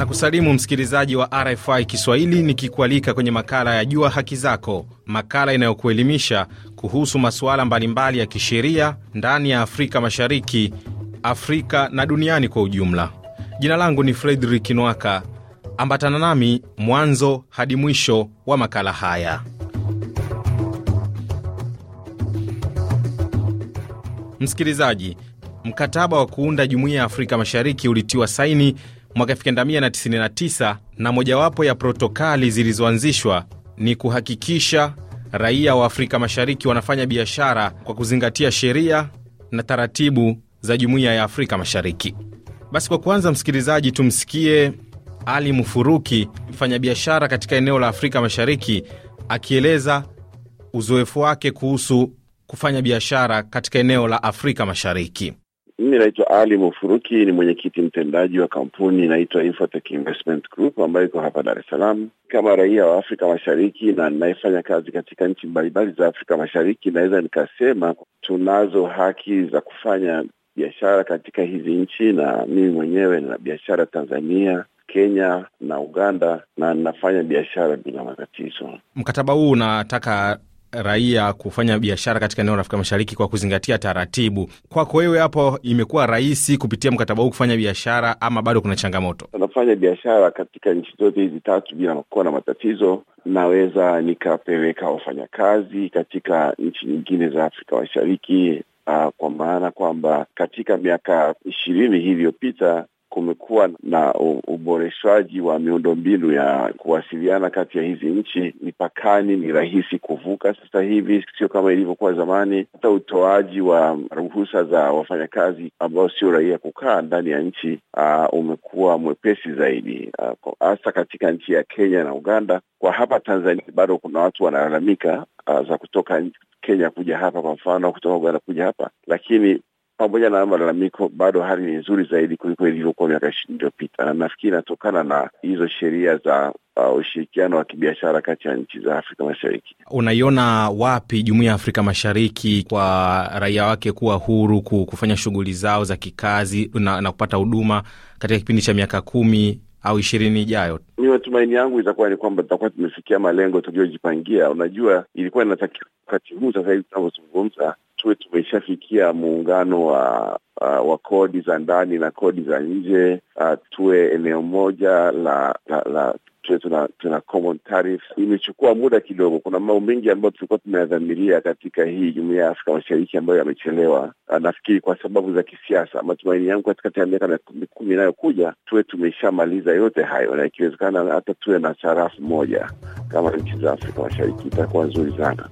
na kusalimu msikilizaji wa RFI Kiswahili nikikualika kwenye makala ya Jua Haki Zako, makala inayokuelimisha kuhusu masuala mbalimbali ya kisheria ndani ya Afrika Mashariki, Afrika na duniani kwa ujumla. Jina langu ni Fredrik Nwaka. Ambatana nami mwanzo hadi mwisho wa makala haya. Msikilizaji, mkataba wa kuunda Jumuiya ya Afrika Mashariki ulitiwa saini mwaka 1999 na mojawapo ya protokali zilizoanzishwa ni kuhakikisha raia wa Afrika Mashariki wanafanya biashara kwa kuzingatia sheria na taratibu za Jumuiya ya Afrika Mashariki. Basi kwa kwanza, msikilizaji, tumsikie Ali Mufuruki, mfanyabiashara katika eneo la Afrika Mashariki, akieleza uzoefu wake kuhusu kufanya biashara katika eneo la Afrika Mashariki. Mimi naitwa Ali Mufuruki, ni mwenyekiti mtendaji wa kampuni inaitwa Investment Group ambayo iko hapa Dar es Salaam. Kama raia wa Afrika Mashariki na ninayefanya kazi katika nchi mbalimbali za Afrika Mashariki, naweza nikasema tunazo haki za kufanya biashara katika hizi nchi, na mimi mwenyewe nina biashara Tanzania, Kenya na Uganda na ninafanya biashara bila matatizo. Mkataba huu unataka raia kufanya biashara katika eneo la Afrika Mashariki kwa kuzingatia taratibu. Kwako wewe hapo, imekuwa rahisi kupitia mkataba huu kufanya biashara ama bado kuna changamoto? anafanya biashara katika nchi zote hizi tatu bila kuwa na matatizo. Naweza nikapeleka wafanyakazi katika nchi nyingine za Afrika Mashariki, uh, kwa maana kwamba katika miaka ishirini iliyopita kumekuwa na uboreshaji wa miundombinu ya kuwasiliana kati ya hizi nchi. Mipakani ni rahisi kuvuka sasa hivi, sio kama ilivyokuwa zamani. Hata utoaji wa ruhusa za wafanyakazi ambao sio raia kukaa ndani ya nchi uh, umekuwa mwepesi zaidi, hasa uh, katika nchi ya Kenya na Uganda. Kwa hapa Tanzania bado kuna watu wanalalamika uh, za kutoka Kenya kuja hapa, kwa mfano kutoka Uganda kuja hapa, lakini pamoja na malalamiko, bado hali ni nzuri zaidi kuliko ilivyokuwa miaka ishirini iliyopita, na nafikiri inatokana na hizo sheria za uh, ushirikiano wa kibiashara kati ya nchi za Afrika Mashariki. Unaiona wapi jumuiya ya Afrika Mashariki kwa raia wake kuwa huru kufanya shughuli zao za kikazi na, na kupata huduma katika kipindi cha miaka kumi au ishirini ijayo. Ni matumaini yangu itakuwa ni kwamba tutakuwa tumefikia malengo tuliyojipangia. Unajua, ilikuwa inatakiwa wakati huu sasa hivi tunavyozungumza tuwe tumeshafikia muungano wa uh, wa kodi za ndani na kodi za nje uh, tuwe eneo moja la, la, la tuwe tuna, tuna common tariff. Imechukua muda kidogo, kuna mambo mengi ambayo tulikuwa tumeyadhamiria katika hii jumuia ya Afrika Mashariki ambayo yamechelewa, uh, nafikiri kwa sababu za kisiasa. Matumaini yangu katikati ya miaka kumi inayokuja tuwe tumeshamaliza yote hayo, na ikiwezekana hata tuwe na sarafu moja kama nchi za Afrika Mashariki, itakuwa nzuri sana.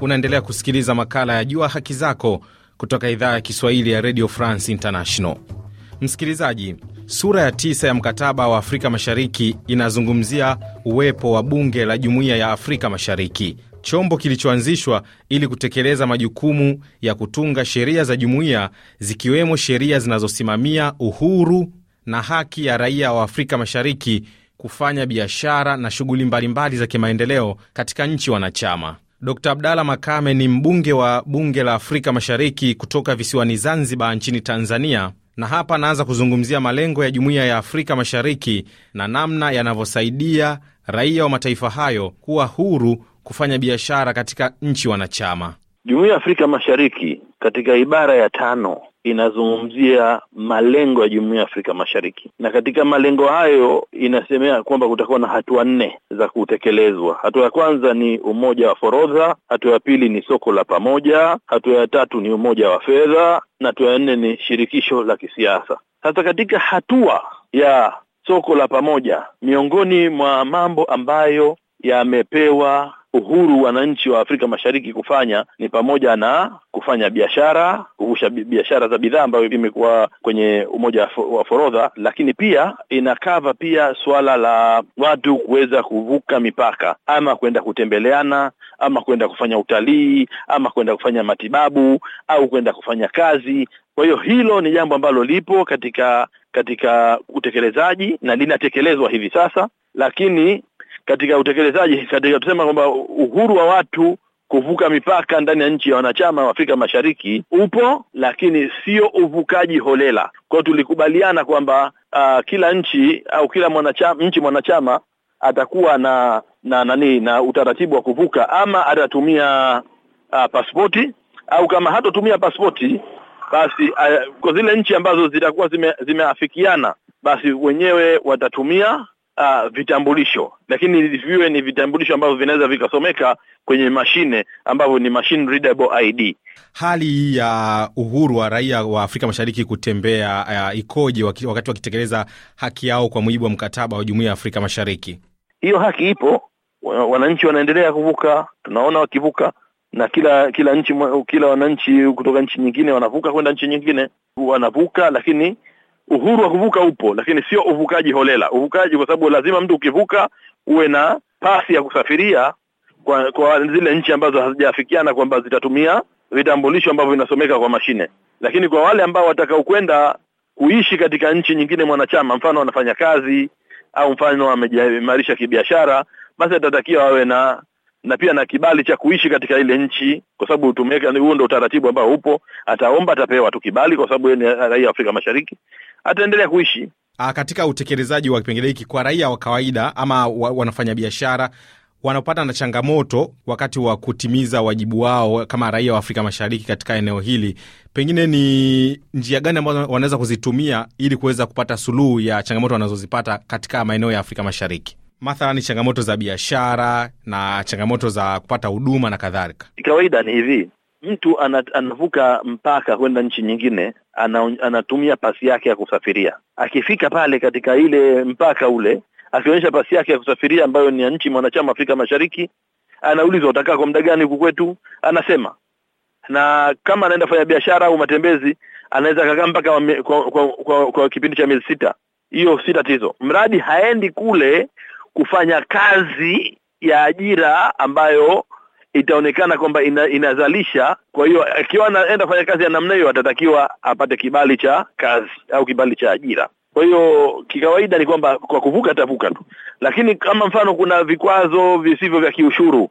Unaendelea kusikiliza makala ya Jua Haki Zako kutoka idhaa ya Kiswahili ya Radio France International. Msikilizaji, sura ya tisa ya mkataba wa Afrika Mashariki inazungumzia uwepo wa bunge la Jumuiya ya Afrika Mashariki, chombo kilichoanzishwa ili kutekeleza majukumu ya kutunga sheria za jumuiya, zikiwemo sheria zinazosimamia uhuru na haki ya raia wa Afrika Mashariki kufanya biashara na shughuli mbalimbali za kimaendeleo katika nchi wanachama. Dkt Abdalla Makame ni mbunge wa bunge la Afrika Mashariki kutoka visiwani Zanzibar nchini Tanzania, na hapa anaanza kuzungumzia malengo ya jumuiya ya Afrika Mashariki na namna yanavyosaidia raia wa mataifa hayo kuwa huru kufanya biashara katika nchi wanachama. Jumuiya ya Afrika Mashariki katika ibara ya tano inazungumzia malengo ya Jumuiya ya Afrika Mashariki, na katika malengo hayo inasemea kwamba kutakuwa na hatua nne za kutekelezwa. Hatua ya kwanza ni umoja wa forodha, hatua ya pili ni soko la pamoja, hatua ya tatu ni umoja wa fedha, na hatua ya nne ni shirikisho la kisiasa. Sasa katika hatua ya soko la pamoja, miongoni mwa mambo ambayo yamepewa uhuru wananchi wa Afrika Mashariki kufanya ni pamoja na kufanya biashara, kuvusha biashara za bidhaa ambayo imekuwa kwenye umoja wa forodha, lakini pia inakava pia suala la watu kuweza kuvuka mipaka, ama kwenda kutembeleana, ama kwenda kufanya utalii, ama kwenda kufanya matibabu au kwenda kufanya kazi. Kwa hiyo hilo ni jambo ambalo lipo katika katika utekelezaji na linatekelezwa hivi sasa, lakini katika utekelezaji, katika tusema kwamba uhuru wa watu kuvuka mipaka ndani ya nchi ya wanachama wa Afrika Mashariki upo, lakini sio uvukaji holela. Kwa hiyo tulikubaliana kwamba uh, kila nchi au kila mwanachama, nchi mwanachama atakuwa na na nani na utaratibu wa kuvuka, ama atatumia uh, pasipoti au kama hatotumia pasipoti basi uh, kwa zile nchi ambazo zitakuwa zime, zimeafikiana basi wenyewe watatumia uh, vitambulisho, lakini viwe ni vitambulisho ambavyo vinaweza vikasomeka kwenye mashine ambavyo ni machine readable ID. Hali ya uhuru wa raia wa Afrika Mashariki kutembea uh, ikoje wakati wakitekeleza haki yao kwa mujibu wa mkataba wa Jumuiya ya Afrika Mashariki? Hiyo haki ipo, wananchi wanaendelea kuvuka, tunaona wakivuka na kila kila nchi, kila wananchi kutoka nchi nyingine wanavuka kwenda nchi nyingine, wanavuka lakini uhuru wa kuvuka upo, lakini sio uvukaji holela. Uvukaji kwa sababu lazima mtu ukivuka uwe na pasi ya kusafiria kwa, kwa zile nchi ambazo hazijaafikiana kwamba zitatumia vitambulisho ambavyo vinasomeka kwa mashine. Lakini kwa wale ambao watakao kwenda kuishi katika nchi nyingine mwanachama, mfano anafanya kazi au mfano wamejimarisha kibiashara, basi atatakiwa awe na na pia na kibali cha kuishi katika ile nchi, kwa sababu tumeweka huo ndio utaratibu ambao upo. Ataomba, atapewa tu kibali, kwa sababu yeye ni raia wa Afrika Mashariki, ataendelea kuishi. A, ah, katika utekelezaji wa kipengele hiki kwa raia wa kawaida ama wa, biashara wanapata na changamoto wakati wa kutimiza wajibu wao kama raia wa Afrika Mashariki katika eneo hili, pengine ni njia gani ambazo wanaweza kuzitumia ili kuweza kupata suluhu ya changamoto wanazozipata katika maeneo ya Afrika Mashariki? mathalani changamoto za biashara na changamoto za kupata huduma na kadhalika? Kawaida ni hivi, mtu anavuka mpaka kwenda nchi nyingine, ana, anatumia pasi yake ya kusafiria. Akifika pale katika ile mpaka ule, akionyesha pasi yake ya kusafiria ambayo ni ya nchi mwanachama Afrika Mashariki, anaulizwa utakaa kwa muda gani huku kwetu, anasema. Na kama anaenda fanya biashara au matembezi, anaweza kakaa mpaka kwa, kwa, kwa, kwa, kwa kipindi cha miezi sita. Hiyo si tatizo, mradi haendi kule kufanya kazi ya ajira ambayo itaonekana kwamba ina, inazalisha. Kwa hiyo akiwa anaenda kufanya kazi ya namna hiyo, atatakiwa apate kibali cha kazi au kibali cha ajira. Kwa hiyo kikawaida ni kwamba kwa kuvuka atavuka tu, lakini kama mfano kuna vikwazo visivyo vya kiushuru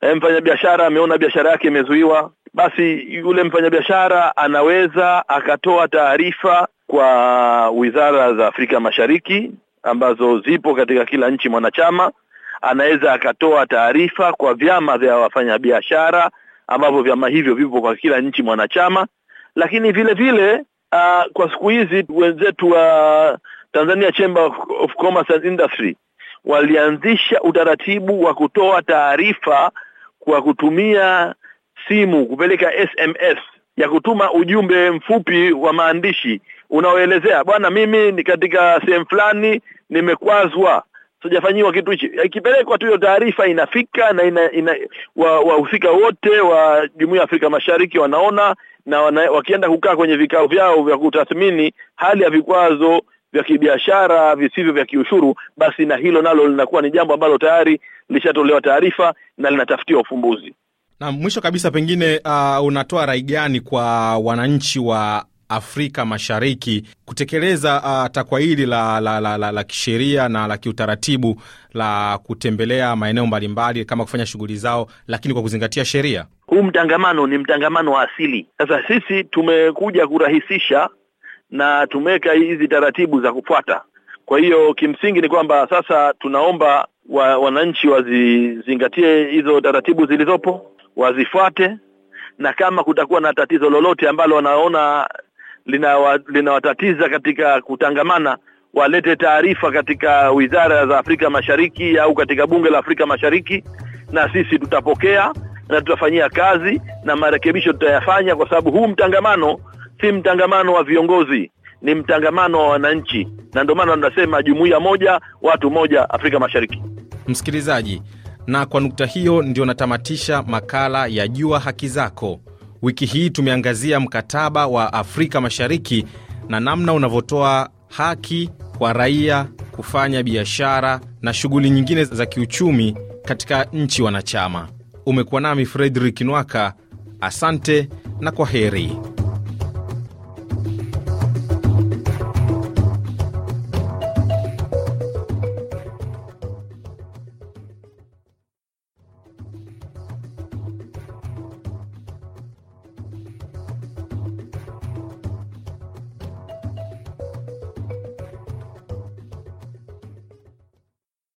e, mfanyabiashara ameona biashara yake imezuiwa, basi yule mfanyabiashara anaweza akatoa taarifa kwa wizara za Afrika Mashariki ambazo zipo katika kila nchi mwanachama. Anaweza akatoa taarifa kwa vyama vya wafanyabiashara ambavyo vyama hivyo vipo kwa kila nchi mwanachama, lakini vile vile uh, kwa siku hizi wenzetu wa Tanzania Chamber of Commerce and Industry walianzisha utaratibu wa kutoa taarifa kwa kutumia simu, kupeleka SMS ya kutuma ujumbe mfupi wa maandishi unaoelezea bwana, mimi ni katika sehemu fulani nimekwazwa, sijafanyiwa kitu hichi. Ikipelekwa tu hiyo taarifa inafika na ina, ina, wahusika wa wote wa Jumuiya ya Afrika Mashariki wanaona na wana, wakienda kukaa kwenye vikao vyao vya kutathmini hali ya vikwazo vya kibiashara visivyo vya kiushuru, basi na hilo nalo linakuwa ni jambo ambalo tayari lishatolewa taarifa na linatafutiwa ufumbuzi. Na mwisho kabisa, pengine uh, unatoa rai gani kwa wananchi wa Afrika Mashariki kutekeleza uh, takwa hili la, la, la, la, la kisheria na la kiutaratibu la kutembelea maeneo mbalimbali kama kufanya shughuli zao, lakini kwa kuzingatia sheria. Huu mtangamano ni mtangamano wa asili. Sasa sisi tumekuja kurahisisha na tumeweka hizi taratibu za kufuata. Kwa hiyo kimsingi ni kwamba sasa tunaomba wa, wananchi wazizingatie hizo taratibu zilizopo, wazifuate na kama kutakuwa na tatizo lolote ambalo wanaona linawatatiza lina katika kutangamana walete taarifa katika wizara za Afrika Mashariki au katika bunge la Afrika Mashariki, na sisi tutapokea na tutafanyia kazi na marekebisho tutayafanya, kwa sababu huu mtangamano si mtangamano wa viongozi, ni mtangamano wa wananchi, na ndio maana tunasema jumuiya moja, watu moja, Afrika Mashariki. Msikilizaji, na kwa nukta hiyo ndio natamatisha makala ya Jua Haki Zako. Wiki hii tumeangazia mkataba wa Afrika Mashariki na namna unavyotoa haki kwa raia kufanya biashara na shughuli nyingine za kiuchumi katika nchi wanachama. Umekuwa nami Fredrik Nwaka, asante na kwa heri.